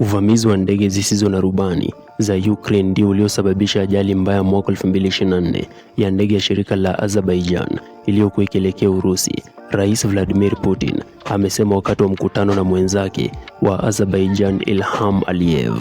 Uvamizi wa ndege zisizo na rubani za Ukraine ndio uliosababisha ajali mbaya mwaka 2024 ya ndege ya shirika la Azerbaijan iliyokuwa ikielekea Urusi. Rais Vladimir Putin amesema wakati wa mkutano na mwenzake wa Azerbaijan Ilham Aliyev.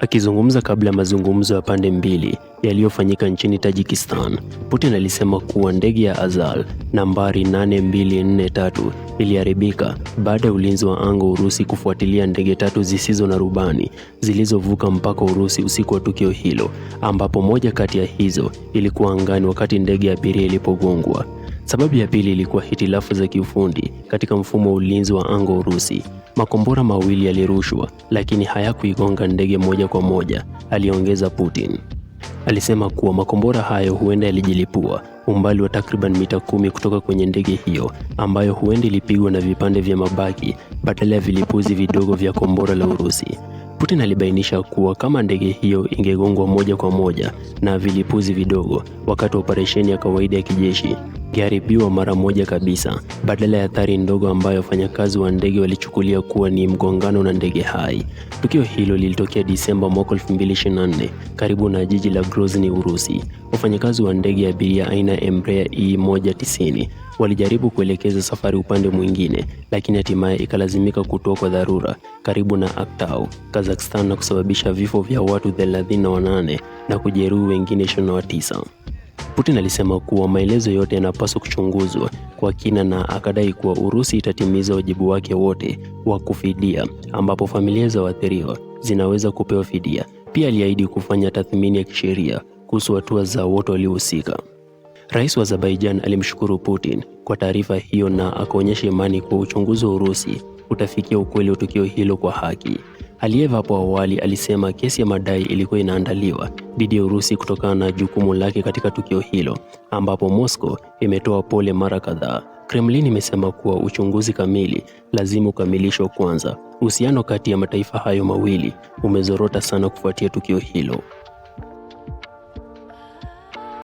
Akizungumza kabla ya mazungumzo ya pande mbili yaliyofanyika nchini Tajikistan, Putin alisema kuwa ndege ya Azal nambari 8243 iliharibika baada ya ulinzi wa anga Urusi kufuatilia ndege tatu zisizo na rubani zilizovuka mpaka Urusi usiku wa tukio hilo, ambapo moja kati ya hizo ilikuwa angani wakati ndege ya abiria ilipogongwa. Sababu ya pili ilikuwa hitilafu za kiufundi katika mfumo wa ulinzi wa anga Urusi. Makombora mawili yalirushwa, lakini hayakuigonga ndege moja kwa moja, aliongeza Putin. Alisema kuwa makombora hayo huenda yalijilipua umbali wa takriban mita kumi kutoka kwenye ndege hiyo ambayo huenda ilipigwa na vipande vya mabaki badala ya vilipuzi vidogo vya kombora la Urusi. Putin alibainisha kuwa kama ndege hiyo ingegongwa moja kwa moja na vilipuzi vidogo wakati wa operesheni ya kawaida ya kijeshi, ingeharibiwa mara moja kabisa, badala ya athari ndogo ambayo wafanyakazi wa ndege walichukulia kuwa ni mgongano na ndege hai. Tukio hilo lilitokea Disemba mwaka 2024 karibu na jiji la Grozny, Urusi. Wafanyakazi wa ndege ya abiria aina ya Embraer E190 walijaribu kuelekeza safari upande mwingine, lakini hatimaye ikalazimika kutua kwa dharura karibu na Aktau, Kazakhstan, na kusababisha vifo vya watu 38 na kujeruhi wengine 29. Putin alisema kuwa maelezo yote yanapaswa kuchunguzwa kwa kina na akadai kuwa Urusi itatimiza wajibu wake wote wa kufidia, ambapo familia za waathiriwa zinaweza kupewa fidia. Pia aliahidi kufanya tathmini ya kisheria kuhusu hatua za wote waliohusika. Rais wa Azerbaijan alimshukuru Putin kwa taarifa hiyo na akaonyesha imani kuwa uchunguzi wa Urusi utafikia ukweli wa tukio hilo kwa haki aliyeva hapo awali alisema kesi ya madai ilikuwa inaandaliwa dhidi ya Urusi kutokana na jukumu lake katika tukio hilo, ambapo Moscow imetoa pole mara kadhaa. Kremlin imesema kuwa uchunguzi kamili lazima ukamilishwe kwanza. Uhusiano kati ya mataifa hayo mawili umezorota sana kufuatia tukio hilo.